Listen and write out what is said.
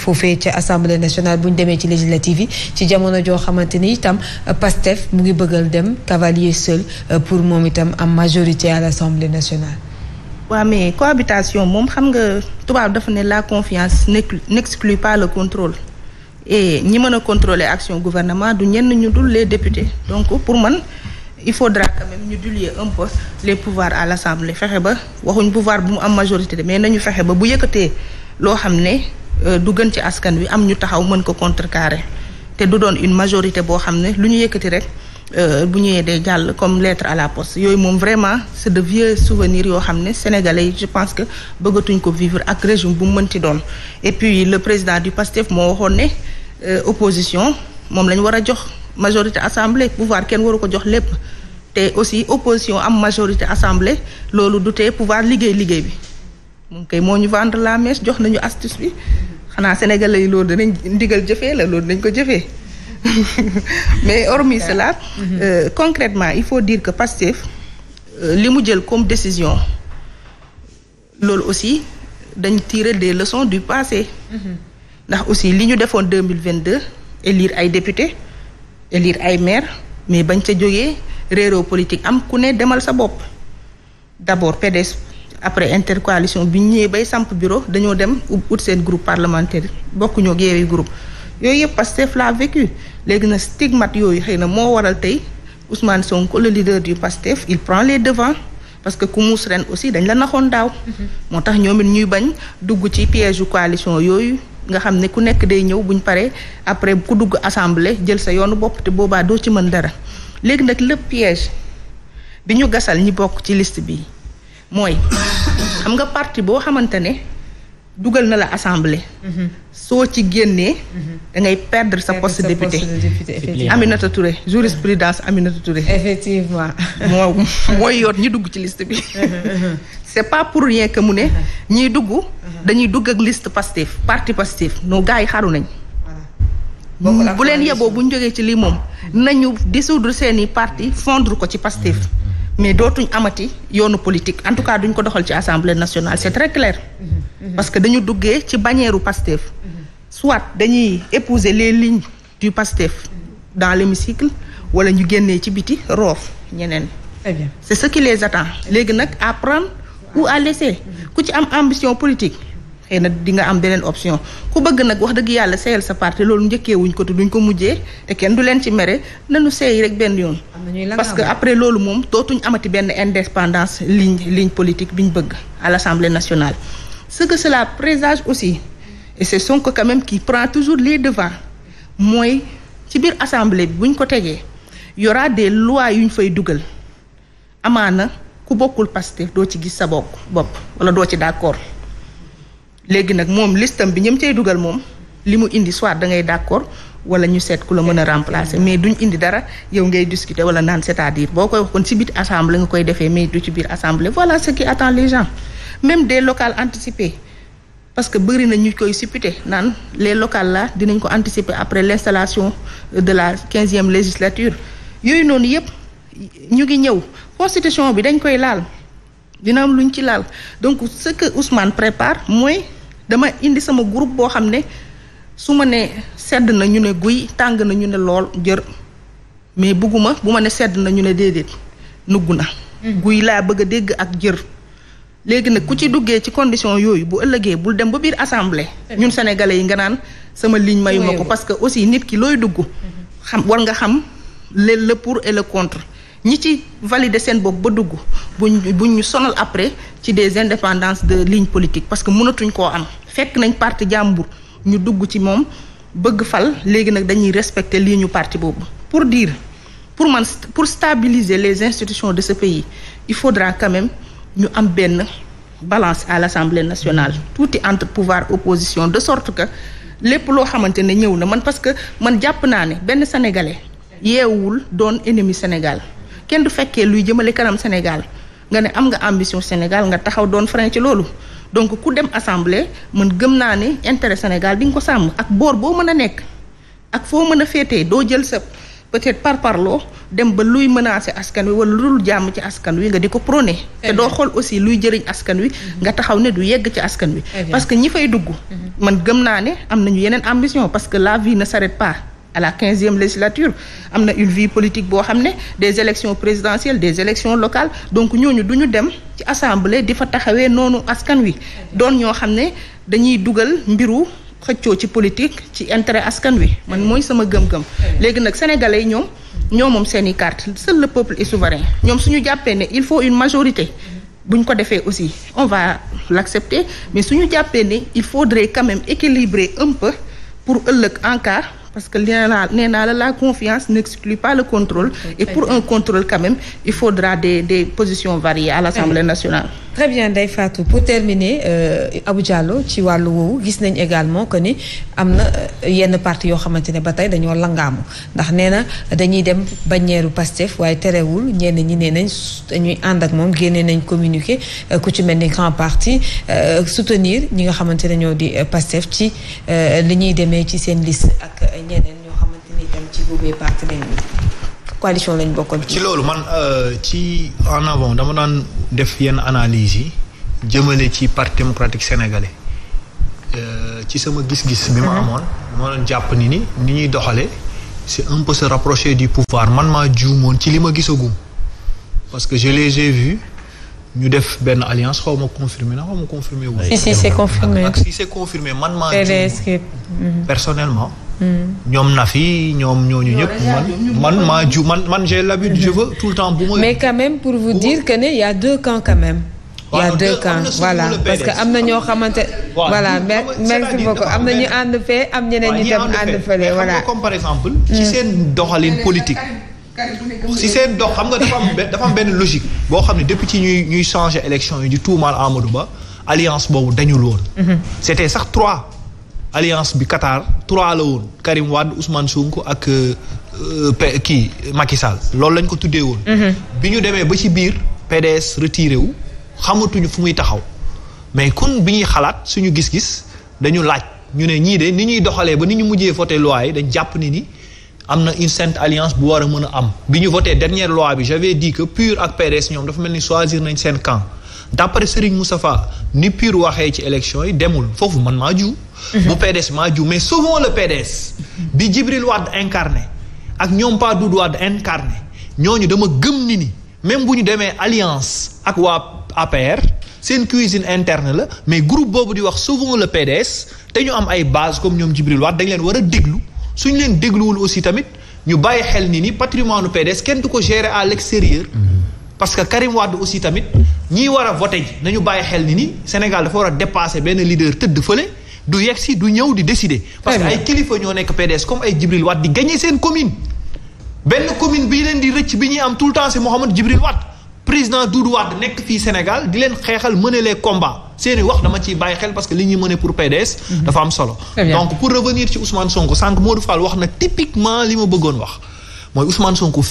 foofee ca assemblée nationale bu ñu demee ci législative yi ci jamono joo xamante ni itam Pastef mu ngi bëggal dem cavalier seul euh, pour moom itam am majorité à l' assemblée nationale. waaw mais cohabitation moom xam nga tubaab dafa ne la confiance n' exclut pas le contrôle et ñi mën a contrôler action gouvernement du ñenn ñu dul les députés donc pour man il faudra quand ñu diluer un peu les à l' assemblée fexe ba waxuñ pouvoir bu mu am majorité mais nañu fexe ba bu yëkkatee loo xam ne. Euh, du gën ci askan wi am ñu taxaw mën ko contre contrecarrer te du doon une majorité boo xam ne lu ñu yëkkati rek euh, bu ñëwee day jàll comme lettre à la post yooyu moom vraiment c'est de vieux souvenirs yoo xam ne sénégalais yi je pense que bëggatuñ ko vivre ak régime bu mu mënti doon et puis le président du PASTEF moo waxoon ne euh, opposition moom lañ war a jox majorité assemblée pouvoir kenn waru ko jox lépp te aussi opposition am majorité assemblée loolu du tee pouvoir liggéey liggéey bi moom moo ñu vendre la mèche jox nañu astuce bi xanaa sénégal yi loolu danañ ndigal jëfee la loolu dañ ko jëfee mais hormis cela mhm. euh, concrètement il faut dire que Pastef euh, li mu jël comme décision loolu aussi dañ tirer des leçons du passé mhm. ndax aussi li ñu defoon deux mille vingt deux élire ay député élire ay maire mais bañ ca jógee réeroo politique am ku ne demal sa bopp d'abord PDS après intercoalition bi ñëwee bay samp bureau dañoo dem ut seen groupe parlementaire bokkuñoo ak yeewi groupe yooyu yëpp Pastef laa vécu léegi na stigmate yooyu xëy na moo waral tey Ousmane Sonko le leader du Pastef il prend les devants parce que ku muus ren aussi dañ la naxoon daaw. Mm-hmm. moo tax ñoom it ñuy bañ dugg ci piège coalition yooyu. nga xam ne ku nekk day ñëw buñ pare après ku dugg assemblée jël sa yoonu bopp te boobaa doo ci mën dara léegi nag lépp piège bi ñu gasal ñi bokk ci liste bi mooy xam nga parti boo xamante ne dugal na la assemblée. Mhm. soo ci génnee. Mhm. da ngay perdre sa poste de député. Aminata Touré jurisprudence Aminata Touré. effectivement. moo mooy yoot ñi dugg ci liste bi. Mhm, c'est pas pour rien que mu ne. ñiy dugg dañuy dugg ak liste Pastef parti Pastef no gars yi xaru nañ. bu leen yeboo bu ñu jógee ci lii moom nañu dissoudre seeni parti fondre ko ci Pastef. mais dootuñ amati yoonu politique en tout cas duñ ko doxal ci assemblée nationale c'est très clair. Mm-hmm. parce que dañu duggee ci bannière Pastef. Mm-hmm. soit dañuy épouser les lignes du Pastef. dans l'hémicycle wala ñu génnee ci biti roof ñeneen. très bien c'est ce qui les attend léegi nag à prendre ou mm-hmm. ku ci am ambition politique. xëy na di nga am beneen option ku bëgg nag wax dëgg yàlla seeyal sa parti loolu njëkkee wuñ ko te duñ ko mujjee te kenn du leen ci mere nañu seey rek benn yoon. parce que après loolu moom dootuñ amati benn indépendance ligne ligne politique bi ñu bëgg à l' assemblée nationale. ce que cela présage aussi et c' est Sonko quand même qui prend toujours les devants mooy ci biir assemblée bi buñ ko tegee y aura des lois yuñ fay dugal amaana ku bokkul Pastef doo ci gis sa bokk bopp wala doo ci d' accord. léegi nag moom listam bi ñam cey dugal moom li mu indi soit da ngay d'accord wala ñu seet ku la mën a remplacer mais duñ indi dara yow ngay discuter wala naan c'est-à-dire boo koy wax kon ci biir assemblée nga koy defee mais du ci biir assemblée voilà ce qui attend les gens même des locales anticipées parce que bëri na ñu koy supputer naan les locales la dinañ ko anticiper après l'installation de la quinzième législature yooyu noonu yépp ñu ngi ñëw constitution bi dañ koy laal. dina am ñu ci laal donc ce que Ousmane prépare mooy dama indi sama groupe boo xam ne su ma ne sedd na ñu ne guy tàng na ñu ne lool jër mais bëgguma bu ma ne sedd na ñu ne déedéet nugg na hmm. guy laa bëgg a dégg ak jër léegi nag ku ci duggee ci condition yooyu bu ëllëgee bul dem ba biir assemblée hmm. ñun sénégalais yi nga naan sama ligne mayuma ko parce que aussi nit ki looy dugg hmm. xam war nga xam le le pour et le contre ñi ci valider seen bopp ba dugg buñ buñ ñu sonal après ci des indépendances de ligne politique parce que mënatuñ koo am fekk nañ parti jàmbur ñu dugg ci moom bëgg fal léegi nag dañuy respecter ligne parti boobu pour diir pour man pour stabiliser les institutions de ce pays il faudra quand même ñu am benn balance à l'Assemblée nationale tuuti entre pouvoir opposition de sorte que lépp loo xamante ne ñëw na man parce que man jàpp naa ne benn sénégalais yeewul doon ennemi Sénégal kenn du fekkee luy jëmale kanam Sénégal nga ne am nga ambition Sénégal nga taxaw doon frein ci loolu donc ku dem assemblée man gëm naa ne intérêt Sénégal di nga ko sàmm ak boor boo mën a nekk ak foo mën a féetee doo jël sa peut-être par parloo dem ba luy menacer askan wi wala lu dul jàmm ci askan wi nga di ko prôné. te doo xool aussi luy jëriñ askan wi. nga taxaw ne du yegg ci askan wi. parce que ñi fay dugg. Mhm. man gëm naa ne am nañu yeneen ambition parce que la vie ne s'arrête à la quinzième législature am na une vie politique boo xam ne des élections présidentielles des élections locales donc ñooñu duñu dem ci assemblée di fa taxawee noonu askan wi doon ñoo xam ne dañuy dugal mbiru xëccoo ci politique ci intérêt askan wi man mooy sama gëm-gëm léegi nag sénégalais ñoom ñoo moom seen i carte seul le peuple est souverain ñoom suñu jàppee ne il faut une majorité buñ ko defee aussi on va l'accepter mais suñu jàppee ne il faudrait quand même équilibrer un peu pour ëllëg en parce que nee naa la la confiance n'exclut pas le contrôle. et pour un contrôle quand même il faudra des des positions variées à l'Assemblée nationale. très bien Ndeye Fatou pour terminer euh, Abou Diallo ci wàllu woowu gis nañ également que ni am na euh, yenn parti yoo xamante ne ba tey dañoo langaamu ndax nee na dañuy dem bannière Pastef waaye terewul ñenn ñi nee nañ dañuy ànd ak moom génne nañ communiqué euh, ku ci mel ni grand parti soutenir ñi nga xamante ne ñoo di Pastef ci li ñuy demee ci seen liste ak ñeneen ñoo xamante ni tam ci boobee parti lañu coalition lañ bokkoon. ci loolu man euh, ci en avant dama daan def yenn analyse yi jëmale ci parti démocratique sénégalais euh, ci sama gis-gis. bi ma mhm. amoon moo doon jàpp ni ni ni ñuy doxalee c'est un peu se rapprocher du pouvoir man maa juumoon ci li ma gisagum parce que je les ai vus ñu def benn alliance xaw ma confirmé na xaw ma confirmé wu. si si c'est confirmé ak man maa. Mhm. personnellement. ñoom na fi ñoom ñooñu ñëpp man man maa ju man man j'ai l'habitude je veux tout le temps bu ma. mais quand même pour vous dire que ne y a deux camps quand même. parce que am na ñoo xamante. voilà merci beaucoup am na ñu ànd fee am ñeneen ñu dem ànd fële voilà. comme par exemple. ci hmm. seen doxalin politique. si seen dox xam nga dafa am benn logique. boo xam ne depuis ci ñuy ñuy changer élection yi di tuumaal Amadou Ba alliance boobu dañul woon. Hmm. c'était sax trois. alliance bi Qatar trois la woon Karim Wade Ousmane Sonko ak euh, kii Macky Sall loolu lañ ko tuddee woon. Mhm. bi ñu demee ba ci biir PDS retiré wu xamatuñu fu muy taxaw mais kun bi ñuy xalaat suñu gis-gis dañu laaj ñu ne ñii de ni ñuy doxalee ba ni ñu mujjee voté loi yi dañ jàpp ni ni. am na une sainte alliance bu war a mën a am bi ñu voté dernière loi bi j'avais dit que PUR ak PDS ñoom dafa mel ni choisir nañ seen camp d'après Serigne Moustapha ni piir waxee ci élection yi demul foofu man maa ju mhm. bu PDS maa ju mais souvent le PDS bi Djibril Wade incarné ak ñoom Pa Doudou Wade incarné ñooñu dama gëm ni ni même bu ñu demee alliance ak waa APR seen cuisine interne la mais groupe boobu di wax souvent la PDS te ñu am ay base comme ñoom Djibril Wade dañ leen war a déglu suñu leen dégluwul aussi tamit ñu bàyyi xel ni ni patrimoine PDS kenn du ko gérer à l'extérieur mhm. parce que Karim Wade aussi tamit ñi war a voté ji nañu bàyyi xel ni ni Sénégal dafa war a dépasser benn leader tëdd fële du yegg si du ñëw di décider. parce que ay kilifa ñoo nekk PDS comme ay Djibril Wade di gagné seen commune. benn commune bi leen di rëcc bi ñuy am tout le temps c'est Mouhamed Djibril Wade président Doudou Wade nekk fii Sénégal di leen xeexal mener les combats seeni wax dama ci bàyyi xel parce que li ñuy mener pour PDS. Mhm. dafa am solo. donc pour revenir ci Ousmane Sonko sànq Modou Fall wax na typiquement li ma bëggoon wax mooy Ousmane Sonko.